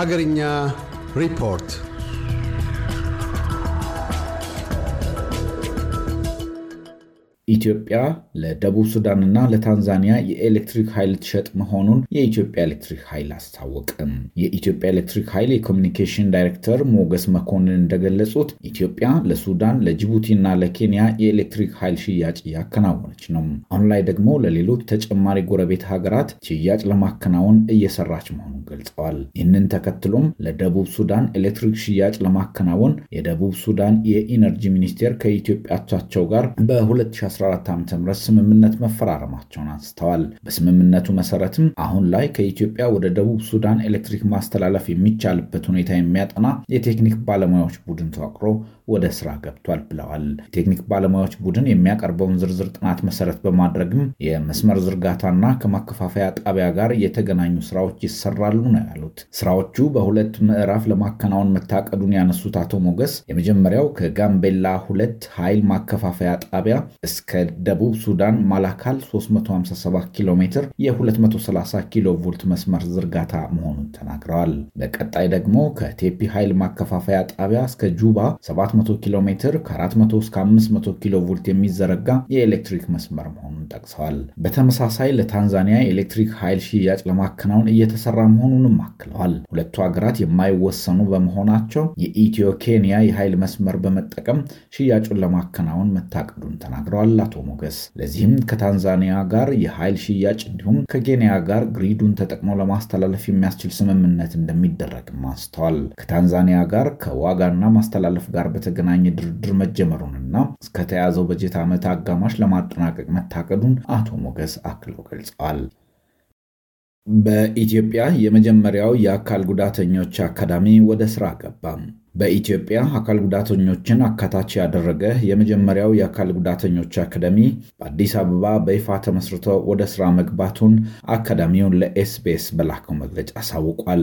Hagarinya Report ኢትዮጵያ ለደቡብ ሱዳንና ለታንዛኒያ የኤሌክትሪክ ኃይል ትሸጥ መሆኑን የኢትዮጵያ ኤሌክትሪክ ኃይል አስታወቅም። የኢትዮጵያ ኤሌክትሪክ ኃይል የኮሚኒኬሽን ዳይሬክተር ሞገስ መኮንን እንደገለጹት ኢትዮጵያ ለሱዳን፣ ለጅቡቲ እና ለኬንያ የኤሌክትሪክ ኃይል ሽያጭ እያከናወነች ነው። አሁን ላይ ደግሞ ለሌሎች ተጨማሪ ጎረቤት ሀገራት ሽያጭ ለማከናወን እየሰራች መሆኑን ገልጸዋል። ይህንን ተከትሎም ለደቡብ ሱዳን ኤሌክትሪክ ሽያጭ ለማከናወን የደቡብ ሱዳን የኢነርጂ ሚኒስቴር ከኢትዮጵያ አቻቸው ጋር በ 2 2014 ዓ ም ስምምነት መፈራረማቸውን አንስተዋል። በስምምነቱ መሰረትም አሁን ላይ ከኢትዮጵያ ወደ ደቡብ ሱዳን ኤሌክትሪክ ማስተላለፍ የሚቻልበት ሁኔታ የሚያጠና የቴክኒክ ባለሙያዎች ቡድን ተዋቅሮ ወደ ስራ ገብቷል ብለዋል። የቴክኒክ ባለሙያዎች ቡድን የሚያቀርበውን ዝርዝር ጥናት መሰረት በማድረግም የመስመር ዝርጋታና ከማከፋፈያ ጣቢያ ጋር የተገናኙ ስራዎች ይሰራሉ ነው ያሉት። ስራዎቹ በሁለት ምዕራፍ ለማከናወን መታቀዱን ያነሱት አቶ ሞገስ የመጀመሪያው ከጋምቤላ ሁለት ኃይል ማከፋፈያ ጣቢያ እስከ ከደቡብ ሱዳን ማላካል 357 ኪሎ ሜትር የ230 ኪሎ ቮልት መስመር ዝርጋታ መሆኑን ተናግረዋል። በቀጣይ ደግሞ ከቴፒ ኃይል ማከፋፈያ ጣቢያ እስከ ጁባ 700 ኪሎ ሜትር ከ400 እስከ 500 ኪሎ ቮልት የሚዘረጋ የኤሌክትሪክ መስመር መሆኑን ጠቅሰዋል። በተመሳሳይ ለታንዛኒያ የኤሌክትሪክ ኃይል ሽያጭ ለማከናወን እየተሰራ መሆኑንም አክለዋል። ሁለቱ ሀገራት የማይወሰኑ በመሆናቸው የኢትዮ ኬንያ የኃይል መስመር በመጠቀም ሽያጩን ለማከናወን መታቀዱን ተናግረዋል። አቶ ሞገስ። ለዚህም ከታንዛኒያ ጋር የኃይል ሽያጭ እንዲሁም ከኬንያ ጋር ግሪዱን ተጠቅሞ ለማስተላለፍ የሚያስችል ስምምነት እንደሚደረግም አንስተዋል። ከታንዛኒያ ጋር ከዋጋና ማስተላለፍ ጋር በተገናኘ ድርድር መጀመሩንና እስከተያዘው በጀት ዓመት አጋማሽ ለማጠናቀቅ መታቀዱን አቶ ሞገስ አክለው ገልጸዋል። በኢትዮጵያ የመጀመሪያው የአካል ጉዳተኞች አካዳሚ ወደ ስራ ገባም። በኢትዮጵያ አካል ጉዳተኞችን አካታች ያደረገ የመጀመሪያው የአካል ጉዳተኞች አካደሚ በአዲስ አበባ በይፋ ተመስርቶ ወደ ስራ መግባቱን አካዳሚውን ለኤስቢኤስ በላከው መግለጫ አሳውቋል።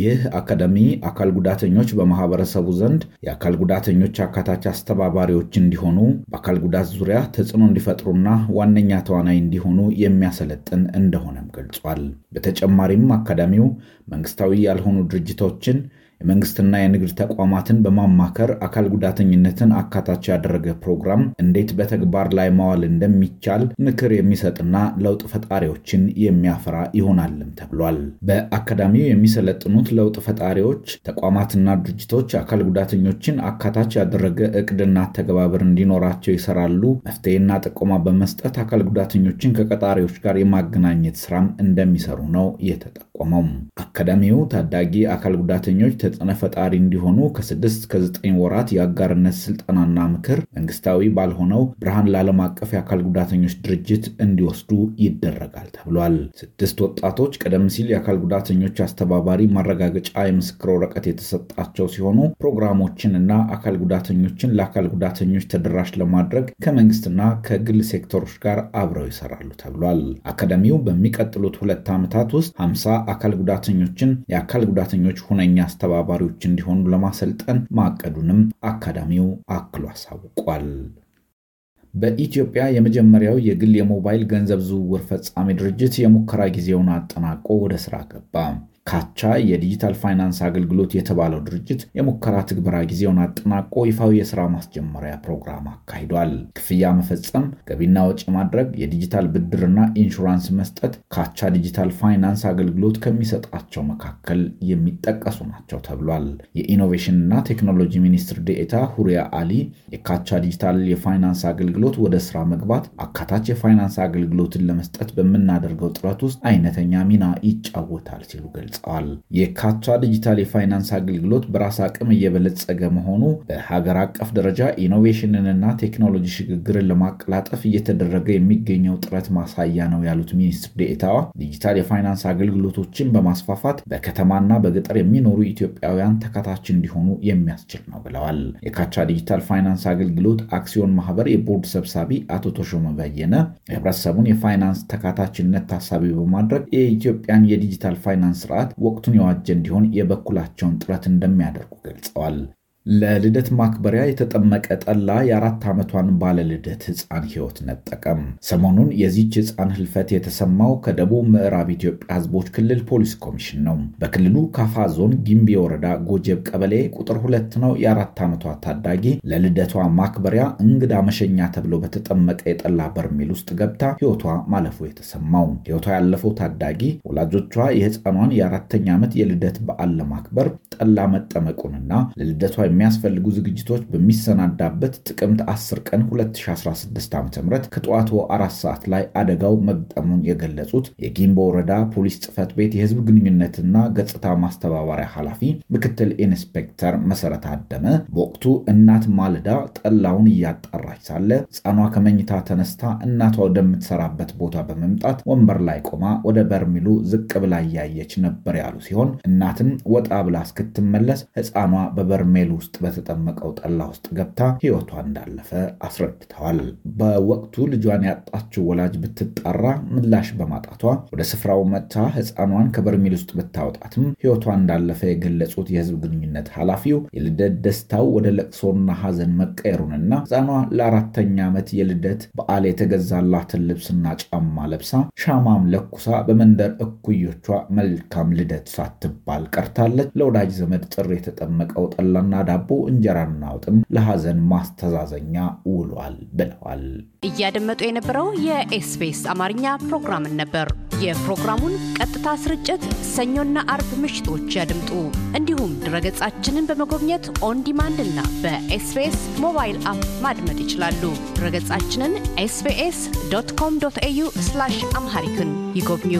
ይህ አካደሚ አካል ጉዳተኞች በማህበረሰቡ ዘንድ የአካል ጉዳተኞች አካታች አስተባባሪዎች እንዲሆኑ፣ በአካል ጉዳት ዙሪያ ተጽዕኖ እንዲፈጥሩና ዋነኛ ተዋናይ እንዲሆኑ የሚያሰለጥን እንደሆነም ገልጿል። በተጨማሪም አካዳሚው መንግስታዊ ያልሆኑ ድርጅቶችን የመንግስትና የንግድ ተቋማትን በማማከር አካል ጉዳተኝነትን አካታች ያደረገ ፕሮግራም እንዴት በተግባር ላይ ማዋል እንደሚቻል ምክር የሚሰጥና ለውጥ ፈጣሪዎችን የሚያፈራ ይሆናልም ተብሏል። በአካዳሚው የሚሰለጥኑት ለውጥ ፈጣሪዎች ተቋማትና ድርጅቶች አካል ጉዳተኞችን አካታች ያደረገ እቅድና ተገባበር እንዲኖራቸው ይሰራሉ። መፍትሄና ጥቆማ በመስጠት አካል ጉዳተኞችን ከቀጣሪዎች ጋር የማገናኘት ስራም እንደሚሰሩ ነው የተጠቆመው። አካዳሚው ታዳጊ አካል ጉዳተኞች ተጽዕኖ ፈጣሪ እንዲሆኑ ከስድስት እስከ 9 ወራት የአጋርነት ስልጠናና ምክር መንግስታዊ ባልሆነው ብርሃን ለዓለም አቀፍ የአካል ጉዳተኞች ድርጅት እንዲወስዱ ይደረጋል ተብሏል። ስድስት ወጣቶች ቀደም ሲል የአካል ጉዳተኞች አስተባባሪ ማረጋገጫ የምስክር ወረቀት የተሰጣቸው ሲሆኑ ፕሮግራሞችን እና አካል ጉዳተኞችን ለአካል ጉዳተኞች ተደራሽ ለማድረግ ከመንግስትና ከግል ሴክተሮች ጋር አብረው ይሰራሉ ተብሏል። አካዳሚው በሚቀጥሉት ሁለት ዓመታት ውስጥ 50 አካል ጉዳተኞችን የአካል ጉዳተኞች ሁነኛ አስተባ ተባባሪዎች እንዲሆኑ ለማሰልጠን ማቀዱንም አካዳሚው አክሎ አሳውቋል። በኢትዮጵያ የመጀመሪያው የግል የሞባይል ገንዘብ ዝውውር ፈጻሚ ድርጅት የሙከራ ጊዜውን አጠናቆ ወደ ስራ ገባ። ካቻ የዲጂታል ፋይናንስ አገልግሎት የተባለው ድርጅት የሙከራ ትግበራ ጊዜውን አጠናቆ ይፋዊ የስራ ማስጀመሪያ ፕሮግራም አካሂዷል። ክፍያ መፈጸም፣ ገቢና ወጪ ማድረግ፣ የዲጂታል ብድርና ኢንሹራንስ መስጠት ካቻ ዲጂታል ፋይናንስ አገልግሎት ከሚሰጣቸው መካከል የሚጠቀሱ ናቸው ተብሏል። የኢኖቬሽንና ቴክኖሎጂ ሚኒስትር ዴኤታ ሁሪያ አሊ የካቻ ዲጂታል የፋይናንስ አገልግሎት ወደ ስራ መግባት አካታች የፋይናንስ አገልግሎትን ለመስጠት በምናደርገው ጥረት ውስጥ አይነተኛ ሚና ይጫወታል ሲሉ ገልጸዋል። ገልጸዋል። የካቷ ዲጂታል የፋይናንስ አገልግሎት በራስ አቅም እየበለጸገ መሆኑ በሀገር አቀፍ ደረጃ ኢኖቬሽንንና ቴክኖሎጂ ሽግግርን ለማቀላጠፍ እየተደረገ የሚገኘው ጥረት ማሳያ ነው ያሉት ሚኒስትር ዴኤታዋ ዲጂታል የፋይናንስ አገልግሎቶችን በማስፋፋት በከተማና በገጠር የሚኖሩ ኢትዮጵያውያን ተካታች እንዲሆኑ የሚያስችል ነው ብለዋል። የካቻ ዲጂታል ፋይናንስ አገልግሎት አክሲዮን ማህበር የቦርድ ሰብሳቢ አቶ ተሾመ በየነ የህብረተሰቡን የፋይናንስ ተካታችነት ታሳቢ በማድረግ የኢትዮጵያን የዲጂታል ፋይናንስ ስርዓት ለማምጣት ወቅቱን የዋጀ እንዲሆን የበኩላቸውን ጥረት እንደሚያደርጉ ገልጸዋል። ለልደት ማክበሪያ የተጠመቀ ጠላ የአራት ዓመቷን ባለልደት ሕፃን ሕይወት ነጠቀም። ሰሞኑን የዚች ህፃን ህልፈት የተሰማው ከደቡብ ምዕራብ ኢትዮጵያ ህዝቦች ክልል ፖሊስ ኮሚሽን ነው። በክልሉ ካፋ ዞን ጊምቢ ወረዳ ጎጀብ ቀበሌ ቁጥር ሁለት ነው የአራት ዓመቷ ታዳጊ ለልደቷ ማክበሪያ እንግዳ መሸኛ ተብሎ በተጠመቀ የጠላ በርሜል ውስጥ ገብታ ሕይወቷ ማለፉ የተሰማው። ሕይወቷ ያለፈው ታዳጊ ወላጆቿ የህፃኗን የአራተኛ ዓመት የልደት በዓል ለማክበር ጠላ መጠመቁንና ለልደቷ የሚያስፈልጉ ዝግጅቶች በሚሰናዳበት ጥቅምት 10 ቀን 2016 ም ከጠዋቱ አራት ሰዓት ላይ አደጋው መግጠሙን የገለጹት የጊምቦ ወረዳ ፖሊስ ጽሕፈት ቤት የህዝብ ግንኙነትና ገጽታ ማስተባበሪያ ኃላፊ ምክትል ኢንስፔክተር መሰረት አደመ በወቅቱ እናት ማልዳ ጠላውን እያጣራች ሳለ ሕፃኗ ከመኝታ ተነስታ እናቷ ወደምትሰራበት ቦታ በመምጣት ወንበር ላይ ቆማ ወደ በርሚሉ ዝቅ ብላ እያየች ነበር ያሉ ሲሆን እናትም ወጣ ብላ እስክት ስትመለስ ሕፃኗ በበርሜል ውስጥ በተጠመቀው ጠላ ውስጥ ገብታ ሕይወቷ እንዳለፈ አስረድተዋል። በወቅቱ ልጇን ያጣችው ወላጅ ብትጣራ ምላሽ በማጣቷ ወደ ስፍራው መጥታ ሕፃኗን ከበርሜል ውስጥ ብታወጣትም ሕይወቷ እንዳለፈ የገለጹት የህዝብ ግንኙነት ኃላፊው የልደት ደስታው ወደ ለቅሶና ሐዘን መቀየሩንና ሕፃኗ ለአራተኛ ዓመት የልደት በዓል የተገዛላትን ልብስና ጫማ ለብሳ ሻማም ለኩሳ በመንደር እኩዮቿ መልካም ልደት ሳትባል ቀርታለች። ለወዳጅ ዘመድ ጥሪ የተጠመቀው ጠላና ዳቦ እንጀራና ወጥም ለሐዘን ማስተዛዘኛ ውሏል ብለዋል። እያደመጡ የነበረው የኤስቢኤስ አማርኛ ፕሮግራምን ነበር። የፕሮግራሙን ቀጥታ ስርጭት ሰኞና አርብ ምሽቶች ያድምጡ። እንዲሁም ድረገጻችንን በመጎብኘት ኦን ዲማንድ እና በኤስቢኤስ ሞባይል አፕ ማድመጥ ይችላሉ። ድረገጻችንን ኤስቢኤስ ዶት ኮም ዶት ኤዩ አምሃሪክን ይጎብኙ።